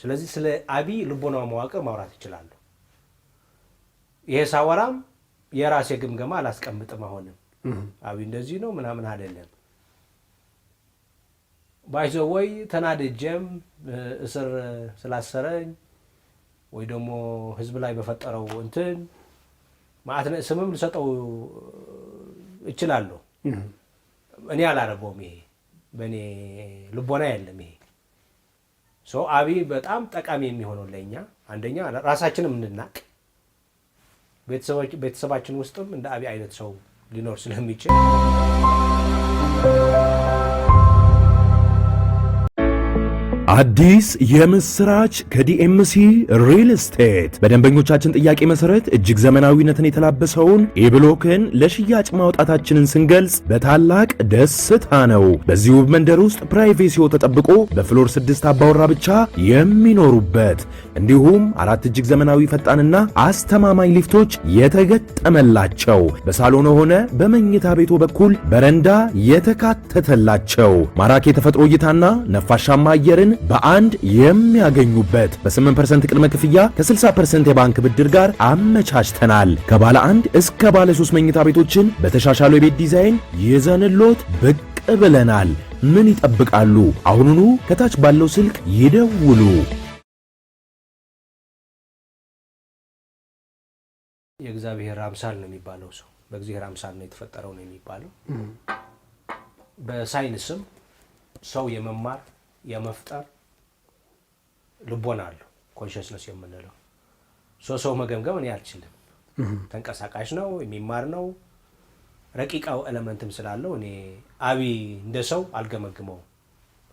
ስለዚህ ስለ አቢይ ልቦናው መዋቅር ማውራት ይችላሉ። ይሄ ሳወራም የራሴ ግምገማ አላስቀምጥም። አሁንም አቢይ እንደዚህ ነው ምናምን አይደለም። ባይዘወይ ተናድጄም እስር ስላሰረኝ ወይ ደግሞ ህዝብ ላይ በፈጠረው እንትን ማዕትነ ስምም ልሰጠው እችላለሁ። እኔ አላረገውም። ይሄ በእኔ ልቦና የለም ይሄ ሰው አብይ በጣም ጠቃሚ የሚሆነው ለእኛ አንደኛ ራሳችንም እንድናቅ ቤተሰባችን ውስጥም እንደ አብይ አይነት ሰው ሊኖር ስለሚችል አዲስ የምስራች ከዲኤምሲ ሪል ስቴት በደንበኞቻችን ጥያቄ መሰረት እጅግ ዘመናዊነትን የተላበሰውን ኤብሎክን ለሽያጭ ማውጣታችንን ስንገልጽ በታላቅ ደስታ ነው። በዚህ ውብ መንደር ውስጥ ፕራይቬሲዎ ተጠብቆ በፍሎር ስድስት አባወራ ብቻ የሚኖሩበት እንዲሁም አራት እጅግ ዘመናዊ ፈጣንና አስተማማኝ ሊፍቶች የተገጠመላቸው በሳሎን ሆነ በመኝታ ቤቶ በኩል በረንዳ የተካተተላቸው ማራኪ የተፈጥሮ እይታና ነፋሻማ አየርን በአንድ የሚያገኙበት በ8% ቅድመ ክፍያ ከ60% የባንክ ብድር ጋር አመቻችተናል። ከባለ አንድ እስከ ባለ 3 መኝታ ቤቶችን በተሻሻለ የቤት ዲዛይን ይዘንሎት ብቅ ብለናል። ምን ይጠብቃሉ? አሁኑኑ ከታች ባለው ስልክ ይደውሉ። የእግዚአብሔር አምሳል ነው የሚባለው ሰው በእግዚአብሔር አምሳል ነው የተፈጠረው ነው የሚባለው። በሳይንስም ሰው የመማር የመፍጠር ልቦና አለው። ኮንሽስነስ የምንለው ሰው ሰው መገምገም እኔ አልችልም። ተንቀሳቃሽ ነው፣ የሚማር ነው። ረቂቃው ኤለመንትም ስላለው እኔ አቢ እንደ ሰው አልገመግመውም፣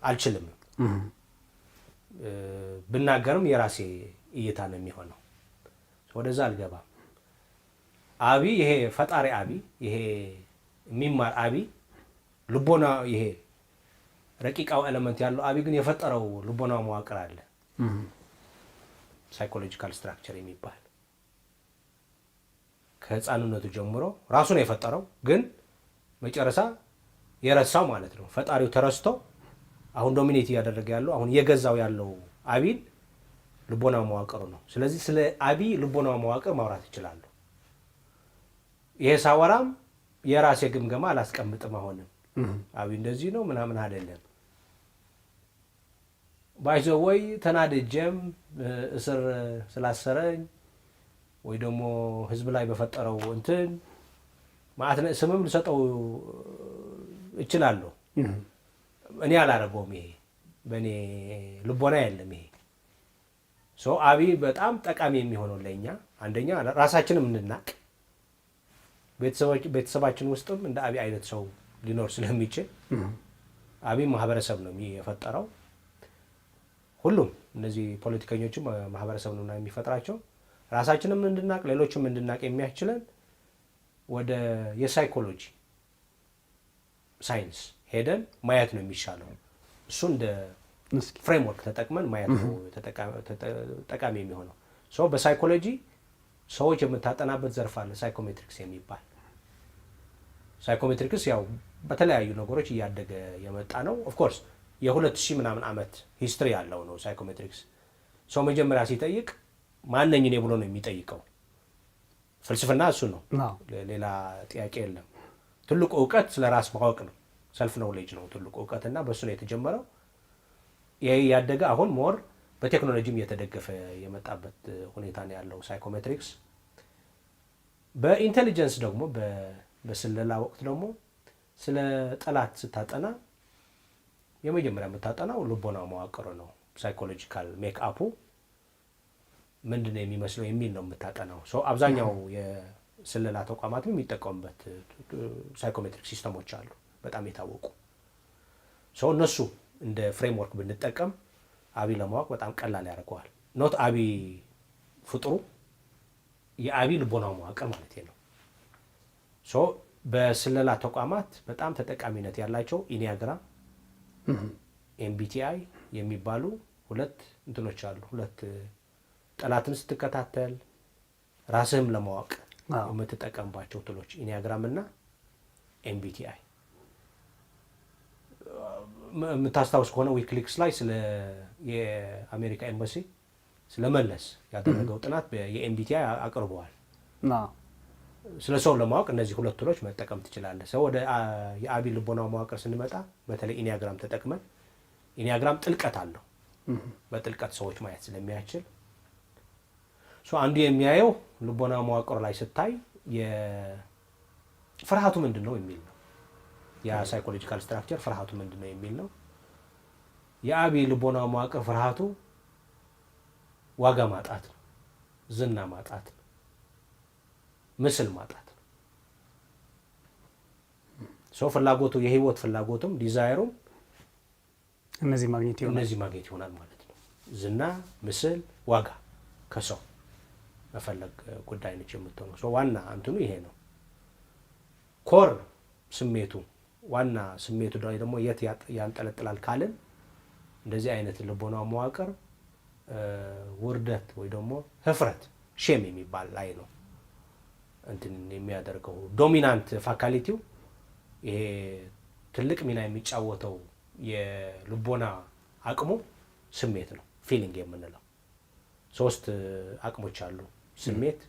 አልችልም። ብናገርም የራሴ እይታ ነው የሚሆነው። ወደዛ አልገባም። አቢ ይሄ ፈጣሪ አቢ ይሄ የሚማር አቢ ልቦና ይሄ ረቂቃው ኤሌመንት ያለው አቢ ግን የፈጠረው ልቦና መዋቅር አለ ሳይኮሎጂካል ስትራክቸር የሚባል ከህፃንነቱ ጀምሮ ራሱን የፈጠረው ግን መጨረሻ የረሳው ማለት ነው። ፈጣሪው ተረስቶ አሁን ዶሚኔት እያደረገ ያለው አሁን እየገዛው ያለው አቢን ልቦና መዋቅሩ ነው። ስለዚህ ስለ አቢ ልቦና መዋቅር ማውራት ይችላሉ። ይሄ ሳወራም የራሴ ግምገማ አላስቀምጥም። አሁንም አቢ እንደዚህ ነው ምናምን አይደለም። ወይ ተናድጄም እስር ስላሰረኝ ወይ ደግሞ ህዝብ ላይ በፈጠረው እንትን ማዕትነ ስምም ልሰጠው እችላለሁ። እኔ አላረገውም። ይሄ በእኔ ልቦና የለም። ይሄ ሰው አብይ በጣም ጠቃሚ የሚሆነው ለእኛ አንደኛ ራሳችንም እንድናቅ፣ ቤተሰባችን ውስጥም እንደ አብይ አይነት ሰው ሊኖር ስለሚችል አብይ ማህበረሰብ ነው የፈጠረው ሁሉም እነዚህ ፖለቲከኞችም ማህበረሰብ ነውና የሚፈጥራቸው ራሳችንም እንድናቅ ሌሎችም እንድናቅ የሚያስችለን ወደ የሳይኮሎጂ ሳይንስ ሄደን ማየት ነው የሚሻለው። እሱ እንደ ፍሬምወርክ ተጠቅመን ማየት ነው ጠቃሚ የሚሆነው። በሳይኮሎጂ ሰዎች የምታጠናበት ዘርፍ አለ ሳይኮሜትሪክስ የሚባል ሳይኮሜትሪክስ ያው በተለያዩ ነገሮች እያደገ የመጣ ነው ኦፍኮርስ የሁለት ሺህ ምናምን ዓመት ሂስትሪ ያለው ነው ሳይኮሜትሪክስ። ሰው መጀመሪያ ሲጠይቅ ማነኝ እኔ ብሎ ነው የሚጠይቀው። ፍልስፍና እሱ ነው፣ ሌላ ጥያቄ የለም። ትልቁ እውቀት ስለ ራስ ማወቅ ነው፣ ሰልፍ ኖውሌጅ ነው ትልቁ እውቀት እና በእሱ ነው የተጀመረው። ይህ ያደገ አሁን ሞር በቴክኖሎጂም እየተደገፈ የመጣበት ሁኔታ ነው ያለው ሳይኮሜትሪክስ። በኢንቴሊጀንስ ደግሞ በስለላ ወቅት ደግሞ ስለ ጠላት ስታጠና የመጀመሪያ የምታጠናው ልቦና መዋቅሩ ነው። ሳይኮሎጂካል ሜክ አፑ የሚመስለው የሚል ነው የምታጠናው። አብዛኛው የስለላ ተቋማትም የሚጠቀሙበት ሳይኮሜትሪክ ሲስተሞች አሉ በጣም የታወቁ ሰው እነሱ እንደ ፍሬምወርክ ብንጠቀም አቢ ለማወቅ በጣም ቀላል ያደርገዋል። ኖት አቢ ፍጥሩ የአቢ ልቦናው መዋቅር ማለት ነው። በስለላ ተቋማት በጣም ተጠቃሚነት ያላቸው ኢኒያግራ ኤምቢቲአይ የሚባሉ ሁለት እንትኖች አሉ። ሁለት ጠላትን ስትከታተል ራስህም ለማወቅ የምትጠቀምባቸው ትሎች ኢኒያግራም እና ኤምቢቲአይ። የምታስታውስ ከሆነ ዊክሊክስ ላይ ስለ የአሜሪካ ኤምባሲ ስለመለስ ያደረገው ጥናት የኤምቢቲአይ አቅርበዋል። ስለ ሰው ለማወቅ እነዚህ ሁለት ቱሎች መጠቀም ትችላለህ። ሰው ወደ የአቢ ልቦና መዋቅር ስንመጣ በተለይ ኢኒያግራም ተጠቅመን ኢኒያግራም ጥልቀት አለው። በጥልቀት ሰዎች ማየት ስለሚያስችል አንዱ የሚያየው ልቦና መዋቅር ላይ ስታይ ፍርሃቱ ምንድን ነው የሚል ነው። የሳይኮሎጂካል ስትራክቸር ፍርሃቱ ምንድን ነው የሚል ነው። የአቢ ልቦና መዋቅር ፍርሃቱ ዋጋ ማጣት ነው፣ ዝና ማጣት ነው ምስል ማጣት ነው። ሰው ፍላጎቱ የህይወት ፍላጎቱም ዲዛይሩም እነዚህ ማግኘት ይሆናል እነዚህ ማግኘት ይሆናል ማለት ነው። ዝና፣ ምስል፣ ዋጋ ከሰው መፈለግ ጉዳይ ነች የምትሆነው። ሰው ዋና እንትኑ ይሄ ነው። ኮር ስሜቱ ዋና ስሜቱ ደግሞ የት ያንጠለጥላል ካልን እንደዚህ አይነት ልቦና መዋቅር ውርደት ወይ ደግሞ ህፍረት ሼም የሚባል ላይ ነው። እንትን የሚያደርገው ዶሚናንት ፋካሊቲው ይሄ ትልቅ ሚና የሚጫወተው የልቦና አቅሙ ስሜት ነው። ፊሊንግ የምንለው ሶስት አቅሞች አሉ፣ ስሜት፣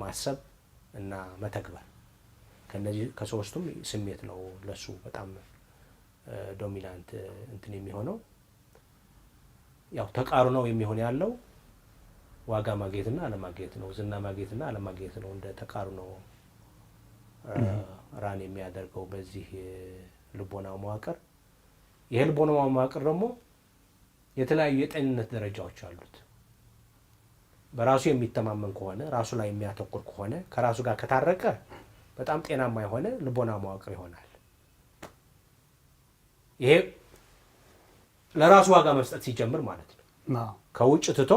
ማሰብ እና መተግበር። ከነዚህ ከሶስቱም ስሜት ነው ለሱ በጣም ዶሚናንት እንትን የሚሆነው ያው ተቃርኖ የሚሆን ያለው ዋጋ ማግኘትና አለማግኘት ነው። ዝና ማግኘትና አለማግኘት ነው። እንደ ተቃርኖ ራን የሚያደርገው በዚህ ልቦና መዋቅር። ይሄ ልቦና መዋቅር ደግሞ የተለያዩ የጤንነት ደረጃዎች አሉት። በራሱ የሚተማመን ከሆነ ራሱ ላይ የሚያተኩር ከሆነ ከራሱ ጋር ከታረቀ በጣም ጤናማ የሆነ ልቦና መዋቅር ይሆናል። ይሄ ለራሱ ዋጋ መስጠት ሲጀምር ማለት ነው ከውጭ ትቶ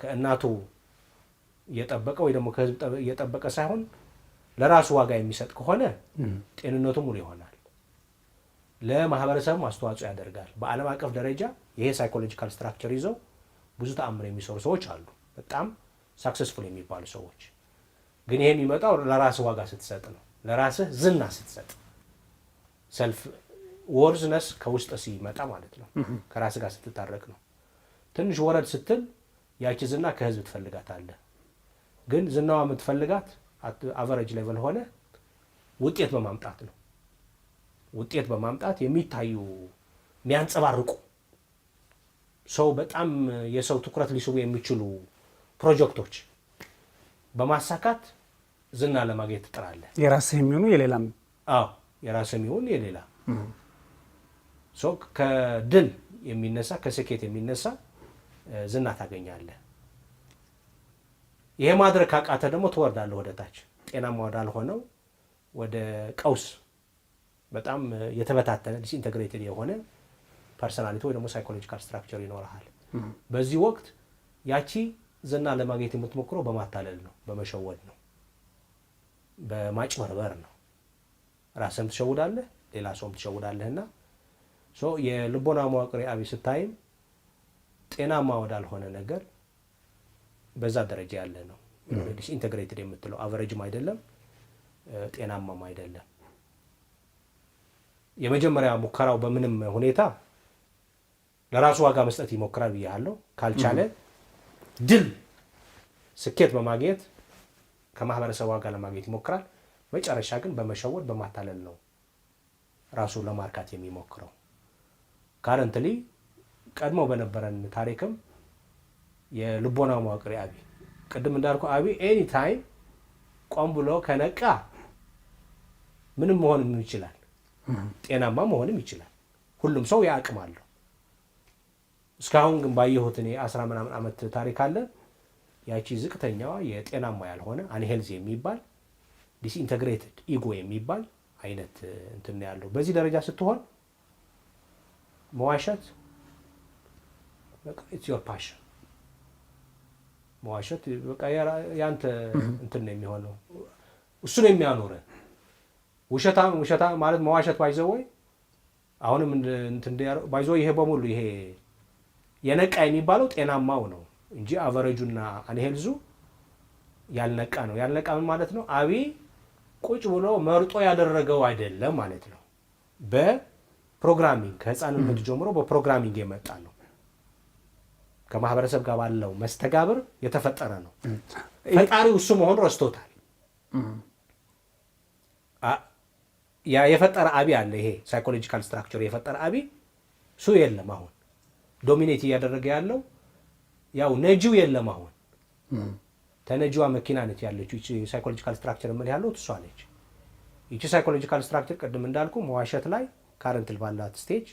ከእናቱ እየጠበቀ ወይ ደግሞ ከህዝብ እየጠበቀ ሳይሆን ለራሱ ዋጋ የሚሰጥ ከሆነ ጤንነቱ ሙሉ ይሆናል፣ ለማህበረሰብም አስተዋጽኦ ያደርጋል። በዓለም አቀፍ ደረጃ ይሄ ሳይኮሎጂካል ስትራክቸር ይዘው ብዙ ተአምር የሚሰሩ ሰዎች አሉ፣ በጣም ሳክሰስፉል የሚባሉ ሰዎች። ግን ይሄ የሚመጣው ለራስ ዋጋ ስትሰጥ ነው፣ ለራስህ ዝና ስትሰጥ፣ ሰልፍ ወርዝነስ ከውስጥ ሲመጣ ማለት ነው፣ ከራስ ጋር ስትታረቅ ነው። ትንሽ ወረድ ስትል ያቺ ዝና ከህዝብ ትፈልጋታለህ። ግን ዝናዋ የምትፈልጋት አቨረጅ ሌቨል ሆነ ውጤት በማምጣት ነው። ውጤት በማምጣት የሚታዩ የሚያንጸባርቁ ሰው በጣም የሰው ትኩረት ሊስቡ የሚችሉ ፕሮጀክቶች በማሳካት ዝና ለማግኘት ትጥራለህ። የራስህ የሚሆኑ የሌላም አዎ፣ የራስህ የሚሆኑ የሌላ ከድል የሚነሳ ከስኬት የሚነሳ ዝና ታገኛለህ። ይሄ ማድረግ ካቃተ ደግሞ ትወርዳለህ ወደ ታች፣ ጤናማ ወዳልሆነው ወደ ቀውስ፣ በጣም የተበታተነ ዲስኢንተግሬትድ የሆነ ፐርሶናሊቲ ወይ ደግሞ ሳይኮሎጂካል ስትራክቸር ይኖርሃል። በዚህ ወቅት ያቺ ዝና ለማግኘት የምትሞክረው በማታለል ነው፣ በመሸወድ ነው፣ በማጭበርበር ነው። ራስህም ትሸውዳለህ፣ ሌላ ሰውም ትሸውዳለህና የልቦና መዋቅር አቢ ስታይም ጤናማ ወዳልሆነ ነገር በዛ ደረጃ ያለ ነው። ኢንተግሬትድ የምትለው አቨሬጅም አይደለም ጤናማም አይደለም። የመጀመሪያ ሙከራው በምንም ሁኔታ ለራሱ ዋጋ መስጠት ይሞክራል ብያለሁ። ካልቻለ ድል ስኬት በማግኘት ከማህበረሰብ ዋጋ ለማግኘት ይሞክራል። መጨረሻ ግን በመሸወድ በማታለል ነው ራሱ ለማርካት የሚሞክረው ካረንትሊ ቀድሞ በነበረን ታሪክም የልቦና መዋቅር አቢ ቅድም እንዳልኩ አቢ ኤኒ ታይም ቆም ብሎ ከነቃ ምንም መሆንም ይችላል፣ ጤናማ መሆንም ይችላል። ሁሉም ሰው የአቅም አለው። እስካሁን ግን ባየሁት እኔ አስራ ምናምን ዓመት ታሪክ አለ። ያቺ ዝቅተኛዋ የጤናማ ያልሆነ አንሄልዝ የሚባል ዲስኢንተግሬትድ ኢጎ የሚባል አይነት እንትን ያለው በዚህ ደረጃ ስትሆን መዋሸት በቃ ኢትስ ዮር ፓሽን መዋሸት በቃ ያንተ እንትን ነው የሚሆነው። እሱ ነው የሚያኖረ ውሸታ ውሸታ ማለት መዋሸት ባይዘው ወይ አሁንም ባይዘው ይሄ በሙሉ ይሄ የነቃ የሚባለው ጤናማው ነው እንጂ አቨረጁና አንሄልዙ ያልነቃ ነው። ያልነቃ ምን ማለት ነው? አብይ ቁጭ ብሎ መርጦ ያደረገው አይደለም ማለት ነው። በፕሮግራሚንግ ከህፃንነት ጀምሮ በፕሮግራሚንግ የመጣ ነው። ከማህበረሰብ ጋር ባለው መስተጋብር የተፈጠረ ነው። ፈጣሪው እሱ መሆኑ ረስቶታል። የፈጠረ አቢ አለ። ይሄ ሳይኮሎጂካል ስትራክቸር የፈጠረ አቢ እሱ የለም። አሁን ዶሚኔት እያደረገ ያለው ያው ነጂው የለም። አሁን ተነጂዋ መኪና ነች ያለችው። ሳይኮሎጂካል ስትራክቸር ምን ያለው እሷ ነች። ይቺ ሳይኮሎጂካል ስትራክቸር ቅድም እንዳልኩ መዋሸት ላይ ካረንትል ባላት ስቴጅ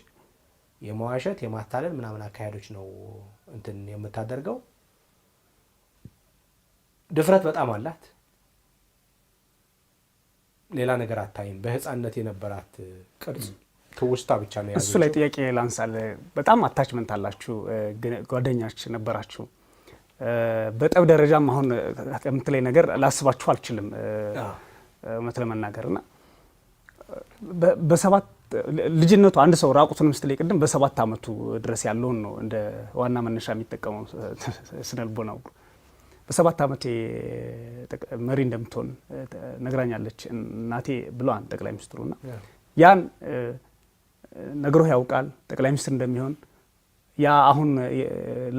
የመዋሸት የማታለል ምናምን አካሄዶች ነው እንትን የምታደርገው። ድፍረት በጣም አላት። ሌላ ነገር አታይም። በህፃንነት የነበራት ቅርጽ ትውስታ ብቻ ነው። እሱ ላይ ጥያቄ ላንሳል። በጣም አታችመንት አላችሁ፣ ጓደኛች ነበራችሁ። በጠብ ደረጃም አሁን የምትለይ ነገር ላስባችሁ አልችልም እውነት ለመናገር እና በሰባት ልጅነቱ አንድ ሰው ራቁቱንም ስትለይ ቅድም በሰባት ዓመቱ ድረስ ያለውን ነው እንደ ዋና መነሻ የሚጠቀመው ስነልቦናው። በሰባት ዓመቴ መሪ እንደምትሆን ነግራኛለች እናቴ ብለዋን ጠቅላይ ሚኒስትሩ ና ያን ነግሮህ ያውቃል ጠቅላይ ሚኒስትር እንደሚሆን ያ አሁን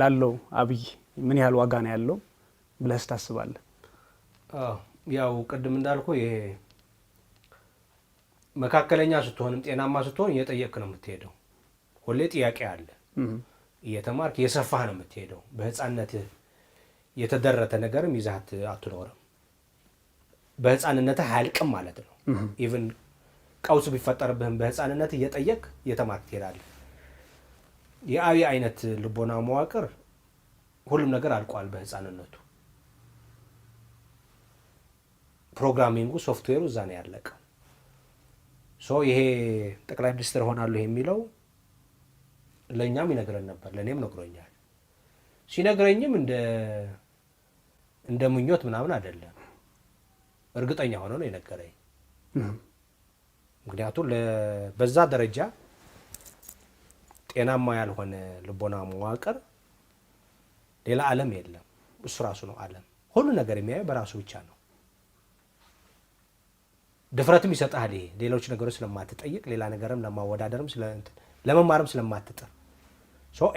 ላለው አብይ ምን ያህል ዋጋ ነው ያለው ብለህ ታስባለህ? ያው ቅድም እንዳልኩ ይሄ መካከለኛ ስትሆንም ጤናማ ስትሆን እየጠየቅ ነው የምትሄደው። ሁሌ ጥያቄ አለ። እየተማርክ የሰፋህ ነው የምትሄደው። በህፃንነትህ የተደረተ ነገርም ይዛት አትኖርም። በህፃንነትህ አያልቅም ማለት ነው። ኢቭን ቀውስ ቢፈጠርብህም በህፃንነት እየጠየቅ እየተማርክ ትሄዳለህ። የአዊ አይነት ልቦና መዋቅር ሁሉም ነገር አልቋል በህፃንነቱ። ፕሮግራሚንጉ ሶፍትዌሩ እዛ ነው ያለቀው። ሶ ይሄ ጠቅላይ ሚኒስትር ሆናለሁ የሚለው ለእኛም ይነግረን ነበር፣ ለእኔም ነግሮኛል። ሲነግረኝም እንደ ምኞት ምናምን አይደለም፣ እርግጠኛ ሆኖ ነው የነገረኝ። ምክንያቱም በዛ ደረጃ ጤናማ ያልሆነ ልቦና መዋቅር ሌላ ዓለም የለም። እሱ ራሱ ነው ዓለም። ሁሉ ነገር የሚያየው በራሱ ብቻ ነው። ድፍረትም ይሰጣል። ይሄ ሌሎች ነገሮች ስለማትጠይቅ ሌላ ነገርም ለማወዳደርም ለመማርም ስለማትጥር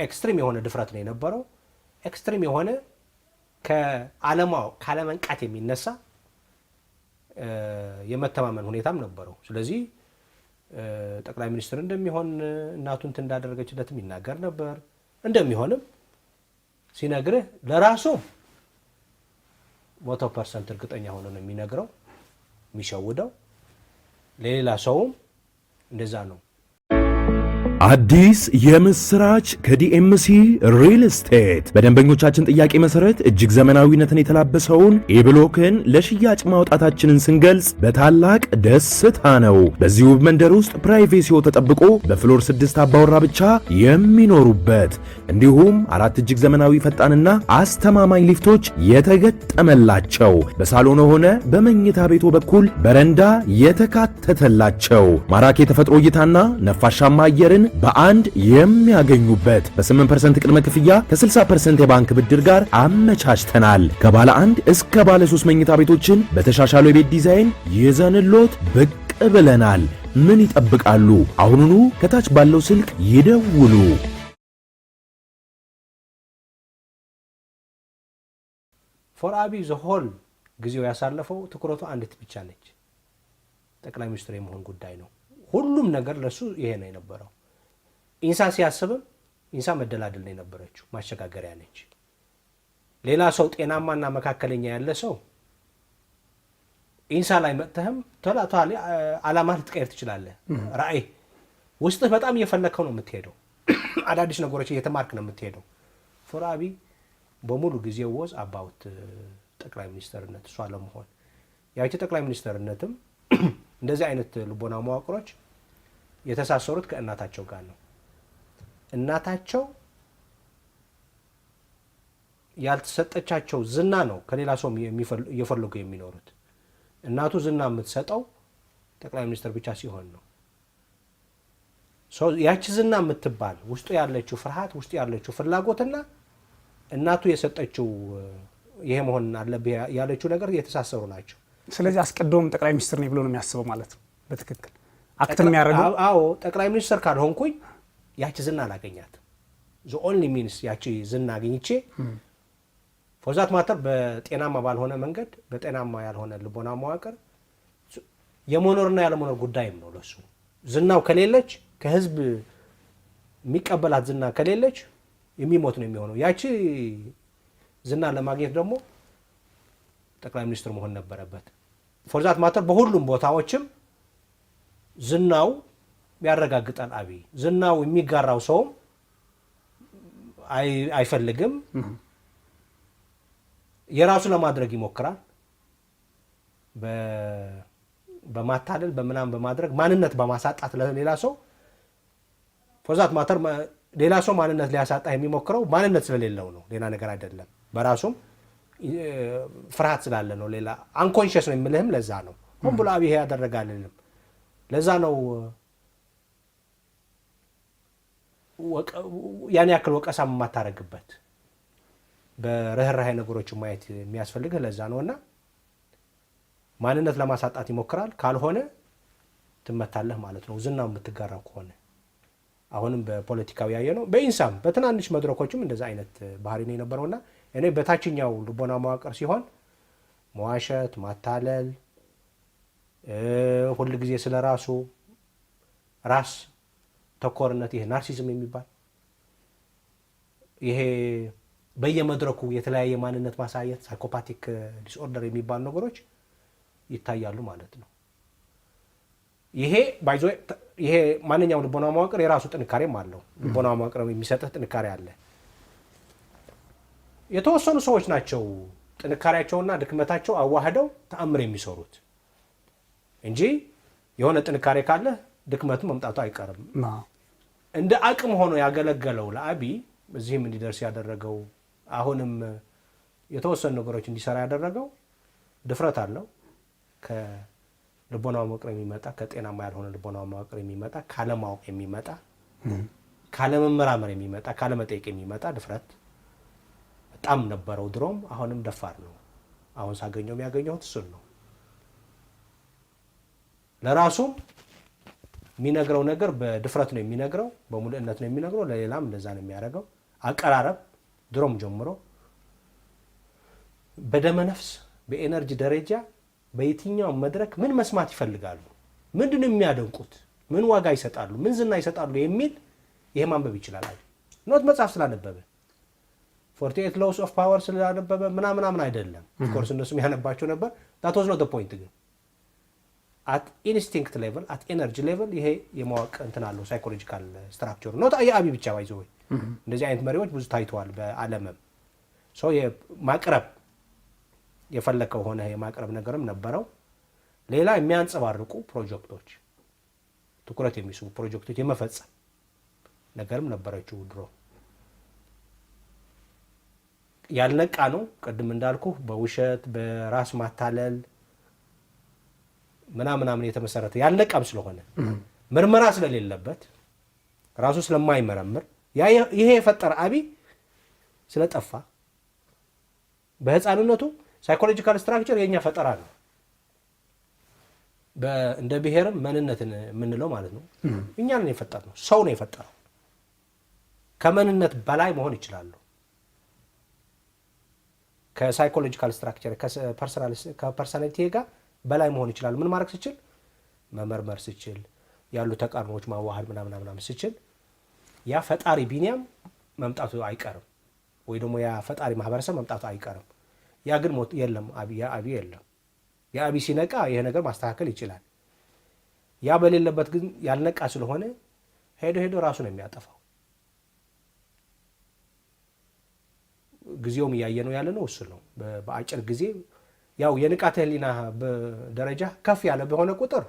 ኤክስትሪም የሆነ ድፍረት ነው የነበረው። ኤክስትሪም የሆነ ከአለማው ካለመንቃት የሚነሳ የመተማመን ሁኔታም ነበረው። ስለዚህ ጠቅላይ ሚኒስትር እንደሚሆን እንትን እንዳደረገችለትም ይናገር ነበር። እንደሚሆንም ሲነግርህ ለራሱ መቶ ፐርሰንት እርግጠኛ ሆኖ ነው የሚነግረው የሚሸውደው። ለሌላ ሰውም እንደዛ ነው። አዲስ የምስራች ከዲኤምሲ ሪል ስቴት በደንበኞቻችን ጥያቄ መሰረት እጅግ ዘመናዊነትን የተላበሰውን ኤብሎክን ለሽያጭ ማውጣታችንን ስንገልጽ በታላቅ ደስታ ነው። በዚሁ መንደር ውስጥ ፕራይቬሲዎ ተጠብቆ በፍሎር ስድስት አባወራ ብቻ የሚኖሩበት እንዲሁም አራት እጅግ ዘመናዊ ፈጣንና አስተማማኝ ሊፍቶች የተገጠመላቸው በሳሎን ሆነ በመኝታ ቤቶ በኩል በረንዳ የተካተተላቸው ማራኪ የተፈጥሮ እይታና ነፋሻማ አየርን በአንድ የሚያገኙበት በ8% ቅድመ ክፍያ ከ60% የባንክ ብድር ጋር አመቻችተናል። ከባለ አንድ እስከ ባለ 3 መኝታ ቤቶችን በተሻሻለው የቤት ዲዛይን ይዘንሎት ብቅ ብለናል። ምን ይጠብቃሉ? አሁኑኑ ከታች ባለው ስልክ ይደውሉ። ፎር አቢ ዘሆል ጊዜው ያሳለፈው ትኩረቱ አንዲት ብቻ ነች፣ ጠቅላይ ሚኒስትር የመሆን ጉዳይ ነው። ሁሉም ነገር ለሱ ይሄ ነው የነበረው። ኢንሳ ሲያስብም ኢንሳ መደላደል ነው የነበረችው፣ ማሸጋገሪያ ነች። ሌላ ሰው ጤናማና መካከለኛ ያለ ሰው ኢንሳ ላይ መጥተህም ቶላቶ አላማ ልትቀይር ትችላለህ። ራእይ ውስጥህ በጣም እየፈለግከው ነው የምትሄደው። አዳዲስ ነገሮች እየተማርክ ነው የምትሄደው። ፎር በሙሉ ጊዜ ወዝ አባውት ጠቅላይ ሚኒስተርነት እሷ ለመሆን ያቺ ጠቅላይ ሚኒስተርነትም እንደዚህ አይነት ልቦና መዋቅሮች የተሳሰሩት ከእናታቸው ጋር ነው። እናታቸው ያልተሰጠቻቸው ዝና ነው ከሌላ ሰው እየፈለጉ የሚኖሩት። እናቱ ዝና የምትሰጠው ጠቅላይ ሚኒስትር ብቻ ሲሆን ነው። ያቺ ዝና የምትባል ውስጡ ያለችው ፍርሃት፣ ውስጡ ያለችው ፍላጎትና እናቱ የሰጠችው ይሄ መሆን አለብህ ያለችው ነገር የተሳሰሩ ናቸው። ስለዚህ አስቀድሞም ጠቅላይ ሚኒስትር ነኝ ብሎ ነው የሚያስበው ማለት ነው። በትክክል አክት የሚያደርገው አዎ፣ ጠቅላይ ሚኒስትር ካልሆንኩኝ ያቺ ዝና አላገኛት ዘ ኦንሊ ሚንስ ያቺ ዝና አግኝቼ ፎርዛት ማተር በጤናማ ባልሆነ መንገድ በጤናማ ያልሆነ ልቦና መዋቅር የመኖርና ያለመኖር ጉዳይም ነው ለሱ። ዝናው ከሌለች ከህዝብ የሚቀበላት ዝና ከሌለች የሚሞት ነው የሚሆነው። ያቺ ዝና ለማግኘት ደግሞ ጠቅላይ ሚኒስትር መሆን ነበረበት። ፎርዛት ማተር በሁሉም ቦታዎችም ዝናው ቢያረጋግጠን አብይ ዝናው የሚጋራው ሰውም አይፈልግም፣ የራሱ ለማድረግ ይሞክራል። በማታለል በምናምን በማድረግ ማንነት በማሳጣት ለሌላ ሰው ፎዛት ማተር ሌላ ሰው ማንነት ሊያሳጣ የሚሞክረው ማንነት ስለሌለው ነው። ሌላ ነገር አይደለም። በራሱም ፍርሃት ስላለ ነው። ሌላ አንኮንሽስ ነው የምልህም ለዛ ነው። ሁን ብሎ አብይ ያደረጋልንም ለዛ ነው ያን ያክል ወቀሳ የማታረግበት በርህራሄ ነገሮች ማየት የሚያስፈልግህ ለዛ ነው እና ማንነት ለማሳጣት ይሞክራል። ካልሆነ ትመታለህ ማለት ነው። ዝናው የምትጋራ ከሆነ አሁንም በፖለቲካዊ ያየ ነው። በኢንሳም በትናንሽ መድረኮችም እንደዛ አይነት ባህሪ ነው የነበረውና እኔ በታችኛው ልቦና መዋቅር ሲሆን መዋሸት፣ ማታለል ጊዜ ስለ ራሱ ራስ ተኮርነት ይሄ ናርሲዝም የሚባል ይሄ በየመድረኩ የተለያየ ማንነት ማሳየት ሳይኮፓቲክ ዲስኦርደር የሚባሉ ነገሮች ይታያሉ ማለት ነው። ይሄ ባይዞ ይሄ ማንኛውም ልቦና መዋቅር የራሱ ጥንካሬም አለው። ልቦና መዋቅር የሚሰጥህ ጥንካሬ አለ። የተወሰኑ ሰዎች ናቸው ጥንካሬያቸውና ድክመታቸው አዋህደው ተአምር የሚሰሩት እንጂ የሆነ ጥንካሬ ካለህ ድክመቱ መምጣቱ አይቀርም። እንደ አቅም ሆኖ ያገለገለው ለአቢ እዚህም እንዲደርስ ያደረገው አሁንም የተወሰኑ ነገሮች እንዲሰራ ያደረገው ድፍረት አለው። ከልቦናው መዋቅር የሚመጣ ከጤናማ ያልሆነ ልቦናው መዋቅር የሚመጣ ካለማወቅ የሚመጣ ካለመመራመር የሚመጣ ካለመጠየቅ የሚመጣ ድፍረት በጣም ነበረው ድሮም፣ አሁንም ደፋር ነው። አሁን ሳገኘው የሚያገኘሁት እሱን ነው ለራሱም የሚነግረው ነገር በድፍረት ነው የሚነግረው፣ በሙልእነት ነው የሚነግረው። ለሌላም እንደዛ ነው የሚያደርገው። አቀራረብ ድሮም ጀምሮ በደመነፍስ በኤነርጂ ደረጃ በየትኛው መድረክ ምን መስማት ይፈልጋሉ፣ ምንድን የሚያደንቁት፣ ምን ዋጋ ይሰጣሉ፣ ምን ዝና ይሰጣሉ የሚል ይሄ ማንበብ ይችላል። ኖት መጽሐፍ ስላነበበ ፎርቲ ኤይት ሎውስ ኦፍ ፓወር ስላነበበ ምናምናምን አይደለም። ኦፍኮርስ እነሱም ያነባቸው ነበር። ዳት ዋዝ ኖት ፖይንት ግን አት ኢንስቲንክት ሌቨል አት ኤነርጂ ሌቨል ይሄ የማወቅ እንትን አለው ሳይኮሎጂካል ስትራክቸሩ ነው። የአቢ ብቻ ባይዘ ወይ እንደዚህ አይነት መሪዎች ብዙ ታይተዋል በዓለምም ሰው ማቅረብ የፈለከው ሆነ የማቅረብ ነገርም ነበረው። ሌላ የሚያንጸባርቁ ፕሮጀክቶች፣ ትኩረት የሚስቡ ፕሮጀክቶች የመፈጸም ነገርም ነበረችው ድሮ ያልነቃ ነው። ቅድም እንዳልኩ በውሸት በራስ ማታለል ምናምናምን የተመሰረተ ያልነቃም ስለሆነ ምርመራ ስለሌለበት ራሱ ስለማይመረምር ይሄ የፈጠረ አቢ ስለጠፋ በህፃንነቱ ሳይኮሎጂካል ስትራክቸር የእኛ ፈጠራ ነው። እንደ ብሔርም መንነትን የምንለው ማለት ነው። እኛ ነን የፈጠርነው፣ ሰው ነው የፈጠረው። ከመንነት በላይ መሆን ይችላሉ። ከሳይኮሎጂካል ስትራክቸር ከፐርሰናሊቲ ጋር በላይ መሆን ይችላሉ። ምን ማድረግ ስችል፣ መመርመር ስችል፣ ያሉ ተቃርኖዎች ማዋሃድ ምናምን ምናምን ስችል ያ ፈጣሪ ቢኒያም መምጣቱ አይቀርም ወይ ደግሞ ያ ፈጣሪ ማህበረሰብ መምጣቱ አይቀርም። ያ ግን ሞት የለም አቢ የለም። የአብይ ሲነቃ ይሄ ነገር ማስተካከል ይችላል። ያ በሌለበት ግን ያልነቃ ስለሆነ ሄዶ ሄዶ ራሱ ነው የሚያጠፋው። ጊዜውም እያየ ነው ያለ ነው። እሱ ነው በአጭር ጊዜ ያው የንቃተ ህሊና ደረጃ ከፍ ያለ በሆነ ቁጥር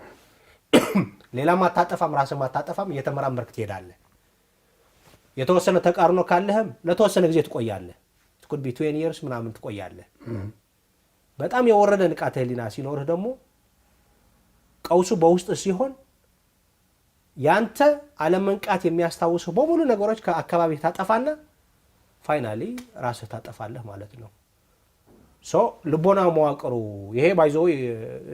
ሌላም አታጠፋም፣ ራስም አታጠፋም፣ እየተመራመርክ ትሄዳለህ። የተወሰነ ተቃርኖ ካለህም ለተወሰነ ጊዜ ትቆያለህ። ኩድ ቢ ቱዌን ምናምን ትቆያለህ። በጣም የወረደ ንቃተ ህሊና ሲኖርህ ደግሞ ቀውሱ በውስጥ ሲሆን ያንተ አለመንቃት የሚያስታውስህ በሙሉ ነገሮች ከአካባቢ ታጠፋና ፋይናሊ ራስህ ታጠፋለህ ማለት ነው። ልቦና መዋቅሩ ይሄ ባይዞ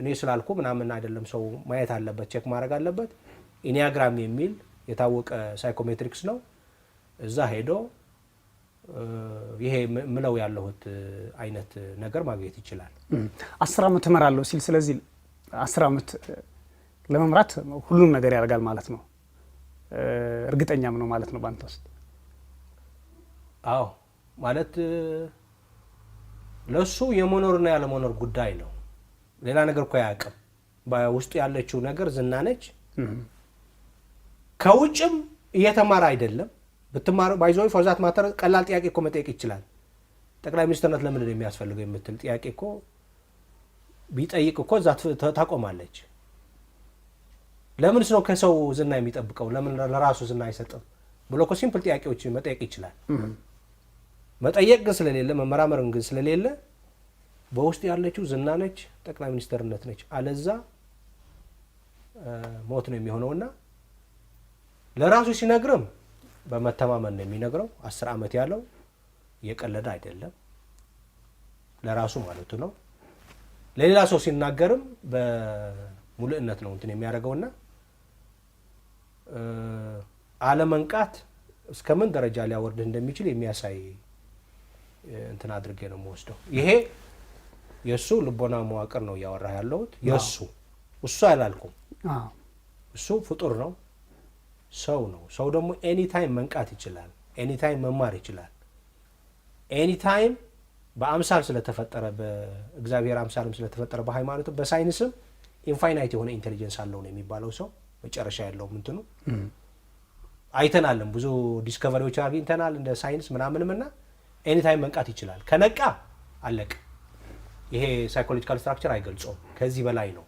እኔ ስላልኩ ምናምን አይደለም። ሰው ማየት አለበት፣ ቼክ ማድረግ አለበት። ኢኒያግራም የሚል የታወቀ ሳይኮሜትሪክስ ነው። እዛ ሄዶ ይሄ ምለው ያለሁት አይነት ነገር ማግኘት ይችላል። አስር አመት እመራለሁ ሲል ስለዚህ አስር ዓመት ለመምራት ሁሉም ነገር ያደርጋል ማለት ነው። እርግጠኛም ነው ማለት ነው በአንተ ውስጥ። አዎ ማለት ለእሱ የመኖርና ያለመኖር ጉዳይ ነው። ሌላ ነገር እኮ አያውቅም። በውስጡ ያለችው ነገር ዝናነች። ከውጭም እየተማረ አይደለም። ብትማረው ባይዞ ፎርዛት ማተር ቀላል ጥያቄ እኮ መጠየቅ ይችላል። ጠቅላይ ሚኒስትርነት ለምንድን ነው የሚያስፈልገው የምትል ጥያቄ እኮ ቢጠይቅ እኮ እዛ ታቆማለች። ለምንስ ነው ከሰው ዝና የሚጠብቀው? ለምን ለራሱ ዝና አይሰጥም ብሎ እኮ ሲምፕል ጥያቄዎች መጠየቅ ይችላል። መጠየቅ ግን ስለሌለ መመራመር ግን ስለሌለ በውስጥ ያለችው ዝና ነች፣ ጠቅላይ ሚኒስትርነት ነች። አለዛ ሞት ነው የሚሆነውና ለራሱ ሲነግርም በመተማመን ነው የሚነግረው። አስር ዓመት ያለው የቀለደ አይደለም፣ ለራሱ ማለቱ ነው። ለሌላ ሰው ሲናገርም በሙልእነት ነው እንትን የሚያደርገውና አለመንቃት እስከምን ደረጃ ሊያወርድህ እንደሚችል የሚያሳይ እንትን አድርጌ ነው የምወስደው። ይሄ የእሱ ልቦና መዋቅር ነው እያወራ ያለሁት። የእሱ እሱ አላልኩም። እሱ ፍጡር ነው፣ ሰው ነው። ሰው ደግሞ ኤኒታይም መንቃት ይችላል፣ ኤኒታይም መማር ይችላል። ኤኒታይም በአምሳል ስለተፈጠረ በእግዚአብሔር አምሳልም ስለተፈጠረ በሃይማኖትም በሳይንስም ኢንፋይናይት የሆነ ኢንቴሊጀንስ አለው ነው የሚባለው ሰው መጨረሻ ያለው ምንትኑ አይተናልም ብዙ ዲስከቨሪዎች አግኝተናል እንደ ሳይንስ ምናምንም ና። ኤኒታይም መንቃት ይችላል። ከነቃ አለቅ። ይሄ ሳይኮሎጂካል ስትራክቸር አይገልጾም። ከዚህ በላይ ነው።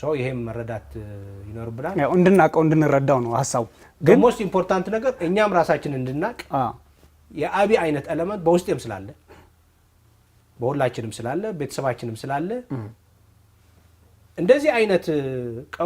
ሰው ይሄም መረዳት ይኖርብናል። እንድናቀው እንድንረዳው ነው ሀሳቡ። ግን ሞስት ኢምፖርታንት ነገር እኛም ራሳችን እንድናቅ የአቢ አይነት ኤለመንት በውስጤም ስላለ በሁላችንም ስላለ ቤተሰባችንም ስላለ እንደዚህ አይነት